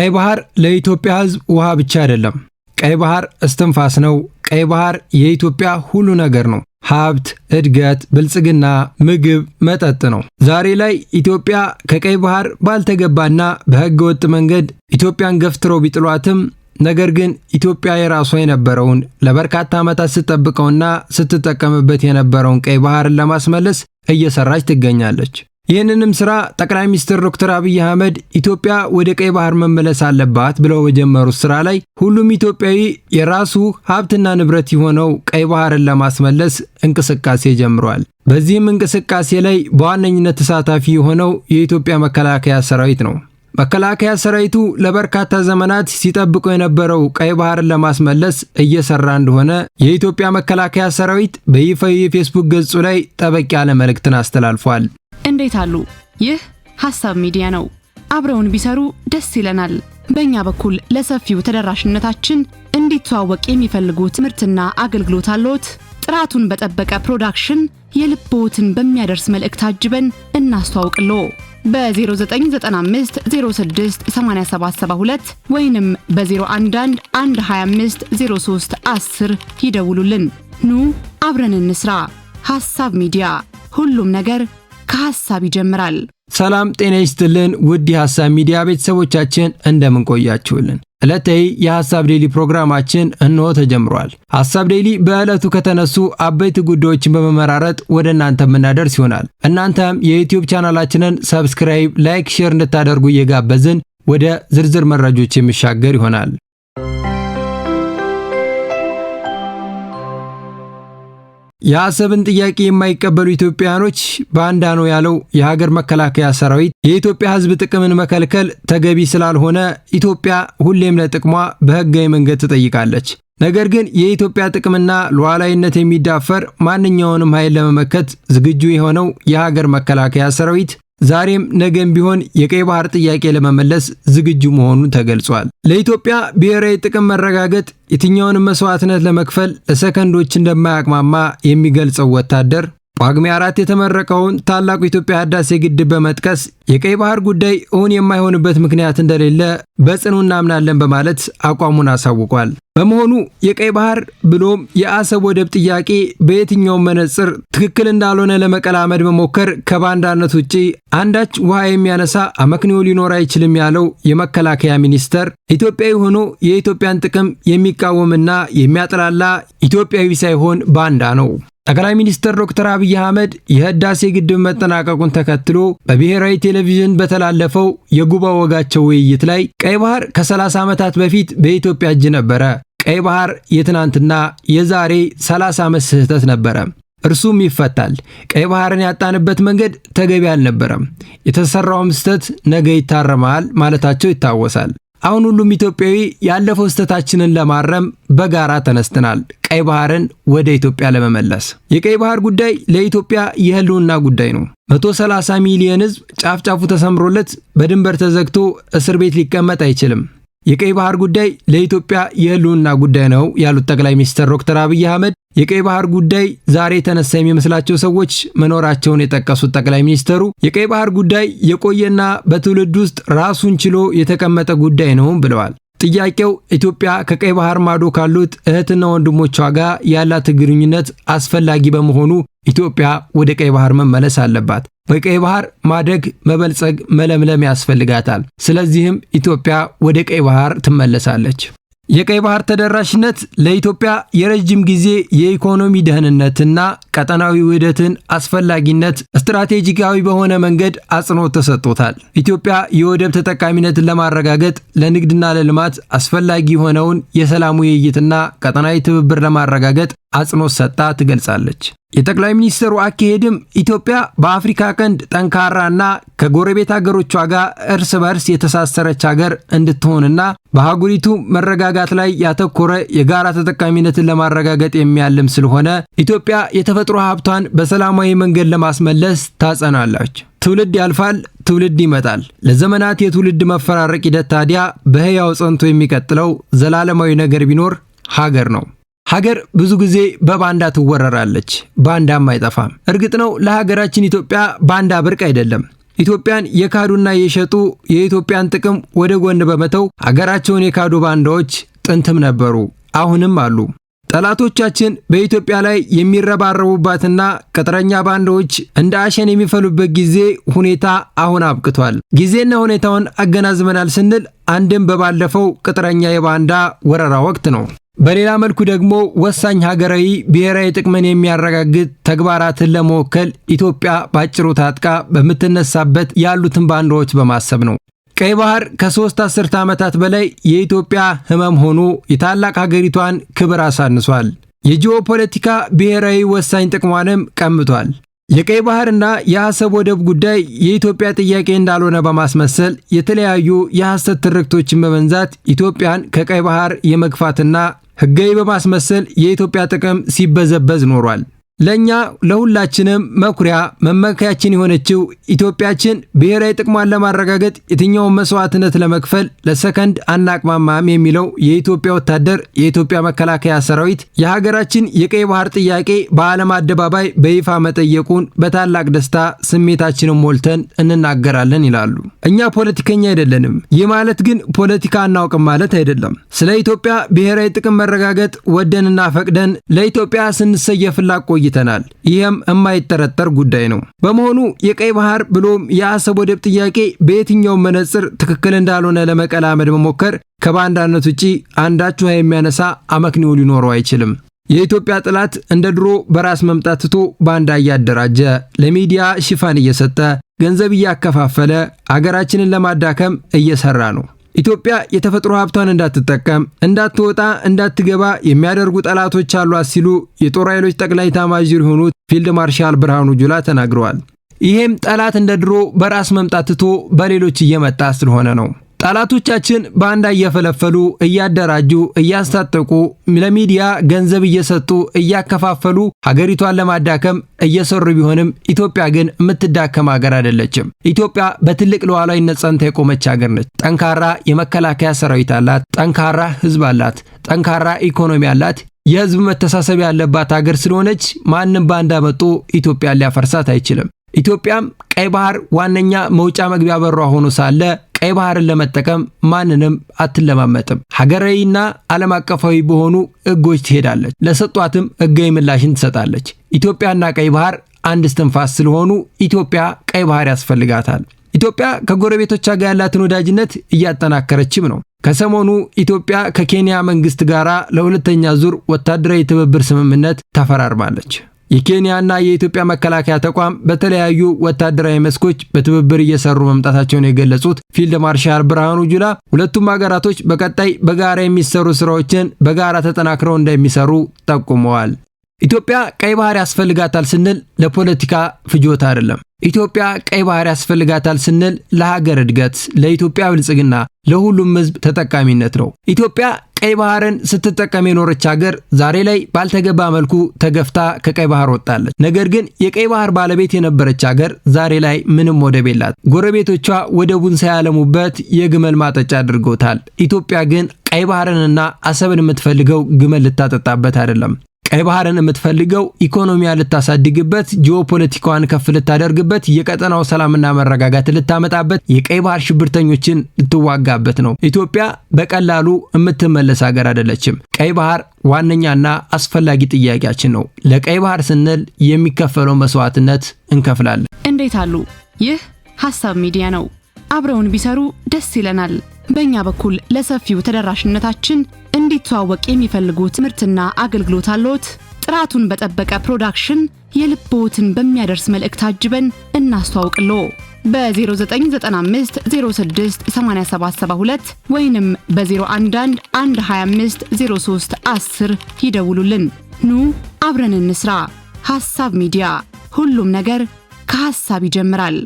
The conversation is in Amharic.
ቀይ ባህር ለኢትዮጵያ ህዝብ ውሃ ብቻ አይደለም። ቀይ ባህር እስትንፋስ ነው። ቀይ ባህር የኢትዮጵያ ሁሉ ነገር ነው። ሀብት፣ እድገት፣ ብልጽግና፣ ምግብ፣ መጠጥ ነው። ዛሬ ላይ ኢትዮጵያ ከቀይ ባህር ባልተገባና በህገ ወጥ መንገድ ኢትዮጵያን ገፍትሮ ቢጥሏትም ነገር ግን ኢትዮጵያ የራሷ የነበረውን ለበርካታ ዓመታት ስትጠብቀውና ስትጠቀምበት የነበረውን ቀይ ባህርን ለማስመለስ እየሰራች ትገኛለች። ይህንንም ስራ ጠቅላይ ሚኒስትር ዶክተር አብይ አህመድ ኢትዮጵያ ወደ ቀይ ባህር መመለስ አለባት ብለው በጀመሩት ስራ ላይ ሁሉም ኢትዮጵያዊ የራሱ ሀብትና ንብረት የሆነው ቀይ ባህርን ለማስመለስ እንቅስቃሴ ጀምሯል። በዚህም እንቅስቃሴ ላይ በዋነኝነት ተሳታፊ የሆነው የኢትዮጵያ መከላከያ ሰራዊት ነው። መከላከያ ሰራዊቱ ለበርካታ ዘመናት ሲጠብቁ የነበረው ቀይ ባህርን ለማስመለስ እየሰራ እንደሆነ የኢትዮጵያ መከላከያ ሰራዊት በይፋዊ የፌስቡክ ገጹ ላይ ጠበቅ ያለ መልእክትን አስተላልፏል። እንዴት አሉ? ይህ ሀሳብ ሚዲያ ነው። አብረውን ቢሰሩ ደስ ይለናል። በእኛ በኩል ለሰፊው ተደራሽነታችን እንዲተዋወቅ የሚፈልጉ ትምህርትና አገልግሎት አለዎት? ጥራቱን በጠበቀ ፕሮዳክሽን የልቦትን በሚያደርስ መልእክት አጅበን እናስተዋውቅሎ በ0995 06 8772 ወይንም በ011 125 03 10 ይደውሉልን። ኑ አብረን እንስራ። ሐሳብ ሚዲያ ሁሉም ነገር ከሀሳብ ይጀምራል። ሰላም ጤና ይስጥልን ውድ የሀሳብ ሚዲያ ቤተሰቦቻችን እንደምንቆያችሁልን ዕለታዊ የሐሳብ ዴይሊ ፕሮግራማችን እንሆ ተጀምሯል። ሐሳብ ዴይሊ በዕለቱ ከተነሱ አበይት ጉዳዮችን በመመራረጥ ወደ እናንተ የምናደርስ ይሆናል። እናንተም የዩትዩብ ቻናላችንን ሰብስክራይብ፣ ላይክ፣ ሼር እንድታደርጉ እየጋበዝን ወደ ዝርዝር መረጆች የሚሻገር ይሆናል። የአሰብን ጥያቄ የማይቀበሉ ኢትዮጵያኖች ባንዳ ነው ያለው የሀገር መከላከያ ሰራዊት የኢትዮጵያ ሕዝብ ጥቅምን መከልከል ተገቢ ስላልሆነ ኢትዮጵያ ሁሌም ለጥቅሟ በህጋዊ መንገድ ትጠይቃለች። ነገር ግን የኢትዮጵያ ጥቅምና ሉዓላዊነት የሚዳፈር ማንኛውንም ኃይል ለመመከት ዝግጁ የሆነው የሀገር መከላከያ ሰራዊት ዛሬም ነገም ቢሆን የቀይ ባህር ጥያቄ ለመመለስ ዝግጁ መሆኑ ተገልጿል። ለኢትዮጵያ ብሔራዊ ጥቅም መረጋገጥ የትኛውንም መስዋዕትነት ለመክፈል ለሰከንዶች እንደማያቅማማ የሚገልጸው ወታደር ጳጉሜ አራት የተመረቀውን ታላቁ የኢትዮጵያ ህዳሴ ግድብ በመጥቀስ የቀይ ባህር ጉዳይ እውን የማይሆንበት ምክንያት እንደሌለ በጽኑ እናምናለን በማለት አቋሙን አሳውቋል። በመሆኑ የቀይ ባህር ብሎም የአሰብ ወደብ ጥያቄ በየትኛውም መነጽር ትክክል እንዳልሆነ ለመቀላመድ መሞከር ከባንዳነት ውጪ አንዳች ውሃ የሚያነሳ አመክንዮ ሊኖር አይችልም ያለው የመከላከያ ሚኒስተር ኢትዮጵያዊ ሆኖ የኢትዮጵያን ጥቅም የሚቃወምና የሚያጥላላ ኢትዮጵያዊ ሳይሆን ባንዳ ነው። ጠቅላይ ሚኒስትር ዶክተር አብይ አህመድ የህዳሴ ግድብ መጠናቀቁን ተከትሎ በብሔራዊ ቴሌቪዥን በተላለፈው የጉባ ወጋቸው ውይይት ላይ ቀይ ባህር ከ30 ዓመታት በፊት በኢትዮጵያ እጅ ነበረ፣ ቀይ ባህር የትናንትና የዛሬ 30 ዓመት ስህተት ነበረ፣ እርሱም ይፈታል፣ ቀይ ባህርን ያጣንበት መንገድ ተገቢ አልነበረም፣ የተሰራውም ስህተት ነገ ይታረማል ማለታቸው ይታወሳል። አሁን ሁሉም ኢትዮጵያዊ ያለፈው ስህተታችንን ለማረም በጋራ ተነስተናል፣ ቀይ ባህርን ወደ ኢትዮጵያ ለመመለስ። የቀይ ባህር ጉዳይ ለኢትዮጵያ የህልውና ጉዳይ ነው። 130 ሚሊዮን ህዝብ ጫፍጫፉ ተሰምሮለት በድንበር ተዘግቶ እስር ቤት ሊቀመጥ አይችልም። የቀይ ባህር ጉዳይ ለኢትዮጵያ የህልውና ጉዳይ ነው ያሉት ጠቅላይ ሚኒስትር ዶክተር አብይ አህመድ የቀይ ባህር ጉዳይ ዛሬ የተነሳ የሚመስላቸው ሰዎች መኖራቸውን የጠቀሱት ጠቅላይ ሚኒስተሩ የቀይ ባህር ጉዳይ የቆየና በትውልድ ውስጥ ራሱን ችሎ የተቀመጠ ጉዳይ ነው ብለዋል። ጥያቄው ኢትዮጵያ ከቀይ ባህር ማዶ ካሉት እህትና ወንድሞቿ ጋር ያላት ግንኙነት አስፈላጊ በመሆኑ ኢትዮጵያ ወደ ቀይ ባህር መመለስ አለባት። በቀይ ባህር ማደግ፣ መበልጸግ፣ መለምለም ያስፈልጋታል። ስለዚህም ኢትዮጵያ ወደ ቀይ ባህር ትመለሳለች። የቀይ ባህር ተደራሽነት ለኢትዮጵያ የረጅም ጊዜ የኢኮኖሚ ደህንነትና ቀጠናዊ ውህደትን አስፈላጊነት ስትራቴጂካዊ በሆነ መንገድ አጽንኦት ተሰጥቶታል። ኢትዮጵያ የወደብ ተጠቃሚነትን ለማረጋገጥ ለንግድና ለልማት አስፈላጊ የሆነውን የሰላም ውይይትና ቀጠናዊ ትብብር ለማረጋገጥ አጽንኦት ሰጥታ ትገልጻለች። የጠቅላይ ሚኒስትሩ አካሄድም ኢትዮጵያ በአፍሪካ ቀንድ ጠንካራና ከጎረቤት አገሮቿ ጋር እርስ በርስ የተሳሰረች ሀገር እንድትሆንና በአህጉሪቱ መረጋጋት ላይ ያተኮረ የጋራ ተጠቃሚነትን ለማረጋገጥ የሚያልም ስለሆነ ኢትዮጵያ የተፈ የተፈጥሮ ሀብቷን በሰላማዊ መንገድ ለማስመለስ ታጸናለች። ትውልድ ያልፋል፣ ትውልድ ይመጣል። ለዘመናት የትውልድ መፈራረቅ ሂደት ታዲያ በሕያው ጸንቶ የሚቀጥለው ዘላለማዊ ነገር ቢኖር ሀገር ነው። ሀገር ብዙ ጊዜ በባንዳ ትወረራለች፣ ባንዳም አይጠፋም። እርግጥ ነው ለሀገራችን ኢትዮጵያ ባንዳ ብርቅ አይደለም። ኢትዮጵያን የካዱና የሸጡ የኢትዮጵያን ጥቅም ወደ ጎን በመተው ሀገራቸውን የካዱ ባንዳዎች ጥንትም ነበሩ፣ አሁንም አሉ። ጠላቶቻችን በኢትዮጵያ ላይ የሚረባረቡባትና ቅጥረኛ ባንዳዎች እንደ አሸን የሚፈሉበት ጊዜ ሁኔታ አሁን አብቅቷል። ጊዜና ሁኔታውን አገናዝበናል ስንል አንድም በባለፈው ቅጥረኛ የባንዳ ወረራ ወቅት ነው። በሌላ መልኩ ደግሞ ወሳኝ ሀገራዊ ብሔራዊ ጥቅምን የሚያረጋግጥ ተግባራትን ለመወከል ኢትዮጵያ በአጭሩ ታጥቃ በምትነሳበት ያሉትን ባንዳዎች በማሰብ ነው። ቀይ ባህር ከሶስት አስርተ ዓመታት በላይ የኢትዮጵያ ህመም ሆኖ የታላቅ ሀገሪቷን ክብር አሳንሷል። የጂኦፖለቲካ ብሔራዊ ወሳኝ ጥቅሟንም ቀምቷል። የቀይ ባህርና የአሰብ ወደብ ጉዳይ የኢትዮጵያ ጥያቄ እንዳልሆነ በማስመሰል የተለያዩ የሐሰት ትርክቶችን በመንዛት ኢትዮጵያን ከቀይ ባህር የመግፋትና ህጋዊ በማስመሰል የኢትዮጵያ ጥቅም ሲበዘበዝ ኖሯል። ለእኛ ለሁላችንም መኩሪያ መመኪያችን የሆነችው ኢትዮጵያችን ብሔራዊ ጥቅሟን ለማረጋገጥ የትኛውን መስዋዕትነት ለመክፈል ለሰከንድ አናቅማማም የሚለው የኢትዮጵያ ወታደር፣ የኢትዮጵያ መከላከያ ሰራዊት የሀገራችን የቀይ ባህር ጥያቄ በዓለም አደባባይ በይፋ መጠየቁን በታላቅ ደስታ ስሜታችንን ሞልተን እንናገራለን ይላሉ። እኛ ፖለቲከኛ አይደለንም። ይህ ማለት ግን ፖለቲካ አናውቅም ማለት አይደለም። ስለ ኢትዮጵያ ብሔራዊ ጥቅም መረጋገጥ ወደንና ፈቅደን ለኢትዮጵያ ስንሰየፍላ ቆይተናል። ይህም የማይጠረጠር ጉዳይ ነው። በመሆኑ የቀይ ባህር ብሎም የአሰብ ወደብ ጥያቄ በየትኛውም መነጽር ትክክል እንዳልሆነ ለመቀላመድ መሞከር ከባንዳነት ውጪ አንዳች ውሃ የሚያነሳ አመክንዮ ሊኖረው አይችልም። የኢትዮጵያ ጠላት እንደ ድሮ በራስ መምጣት ትቶ ባንዳ እያደራጀ ለሚዲያ ሽፋን እየሰጠ ገንዘብ እያከፋፈለ አገራችንን ለማዳከም እየሰራ ነው። ኢትዮጵያ የተፈጥሮ ሀብቷን እንዳትጠቀም፣ እንዳትወጣ፣ እንዳትገባ የሚያደርጉ ጠላቶች አሏት ሲሉ የጦር ኃይሎች ጠቅላይ ኤታማዦር የሆኑት ፊልድ ማርሻል ብርሃኑ ጁላ ተናግረዋል። ይህም ጠላት እንደ ድሮ በራስ መምጣት ትቶ በሌሎች እየመጣ ስለሆነ ነው። ጠላቶቻችን ባንዳ እየፈለፈሉ እያደራጁ እያስታጠቁ ለሚዲያ ገንዘብ እየሰጡ እያከፋፈሉ ሀገሪቷን ለማዳከም እየሰሩ ቢሆንም ኢትዮጵያ ግን የምትዳከም ሀገር አይደለችም። ኢትዮጵያ በትልቅ ሉዓላዊነት ጸንታ የቆመች ሀገር ነች። ጠንካራ የመከላከያ ሰራዊት አላት። ጠንካራ ህዝብ አላት። ጠንካራ ኢኮኖሚ አላት። የህዝብ መተሳሰብ ያለባት ሀገር ስለሆነች ማንም ባንዳ መጦ ኢትዮጵያን ሊያፈርሳት አይችልም። ኢትዮጵያም ቀይ ባህር ዋነኛ መውጫ መግቢያ በሯ ሆኖ ሳለ ቀይ ባህርን ለመጠቀም ማንንም አትለማመጥም። ሀገራዊና ዓለም አቀፋዊ በሆኑ ህጎች ትሄዳለች። ለሰጧትም ህጋዊ ምላሽን ትሰጣለች። ኢትዮጵያና ቀይ ባህር አንድ እስትንፋስ ስለሆኑ ኢትዮጵያ ቀይ ባህር ያስፈልጋታል። ኢትዮጵያ ከጎረቤቶቿ ጋር ያላትን ወዳጅነት እያጠናከረችም ነው። ከሰሞኑ ኢትዮጵያ ከኬንያ መንግስት ጋር ለሁለተኛ ዙር ወታደራዊ ትብብር ስምምነት ተፈራርማለች። የኬንያና የኢትዮጵያ መከላከያ ተቋም በተለያዩ ወታደራዊ መስኮች በትብብር እየሰሩ መምጣታቸውን የገለጹት ፊልድ ማርሻል ብርሃኑ ጁላ ሁለቱም ሀገራቶች በቀጣይ በጋራ የሚሰሩ ስራዎችን በጋራ ተጠናክረው እንደሚሰሩ ጠቁመዋል። ኢትዮጵያ ቀይ ባህር ያስፈልጋታል ስንል ለፖለቲካ ፍጆታ አይደለም። ኢትዮጵያ ቀይ ባህር ያስፈልጋታል ስንል ለሀገር እድገት፣ ለኢትዮጵያ ብልጽግና፣ ለሁሉም ሕዝብ ተጠቃሚነት ነው። ኢትዮጵያ ቀይ ባህርን ስትጠቀም የኖረች ሀገር ዛሬ ላይ ባልተገባ መልኩ ተገፍታ ከቀይ ባህር ወጣለች። ነገር ግን የቀይ ባህር ባለቤት የነበረች ሀገር ዛሬ ላይ ምንም ወደብ የላት። ጎረቤቶቿ ወደቡን ሳያለሙበት የግመል ማጠጫ አድርገውታል። ኢትዮጵያ ግን ቀይ ባህርንና አሰብን የምትፈልገው ግመል ልታጠጣበት አይደለም። ቀይ ባህርን የምትፈልገው ኢኮኖሚያ ልታሳድግበት፣ ጂኦፖለቲካዋን ከፍ ልታደርግበት፣ የቀጠናው ሰላምና መረጋጋት ልታመጣበት፣ የቀይ ባህር ሽብርተኞችን ልትዋጋበት ነው። ኢትዮጵያ በቀላሉ የምትመለስ ሀገር አይደለችም። ቀይ ባህር ዋነኛና አስፈላጊ ጥያቄያችን ነው። ለቀይ ባህር ስንል የሚከፈለው መስዋዕትነት እንከፍላለን። እንዴት አሉ? ይህ ሀሳብ ሚዲያ ነው። አብረውን ቢሰሩ ደስ ይለናል። በእኛ በኩል ለሰፊው ተደራሽነታችን እንዲተዋወቅ የሚፈልጉ ትምህርትና አገልግሎት አለዎት? ጥራቱን በጠበቀ ፕሮዳክሽን የልቦትን በሚያደርስ መልእክት አጅበን እናስተዋውቅሎ በ0995 06 8772 ወይንም በ011 125 03 10 ይደውሉልን። ኑ አብረን እንስራ። ሐሳብ ሚዲያ፣ ሁሉም ነገር ከሐሳብ ይጀምራል።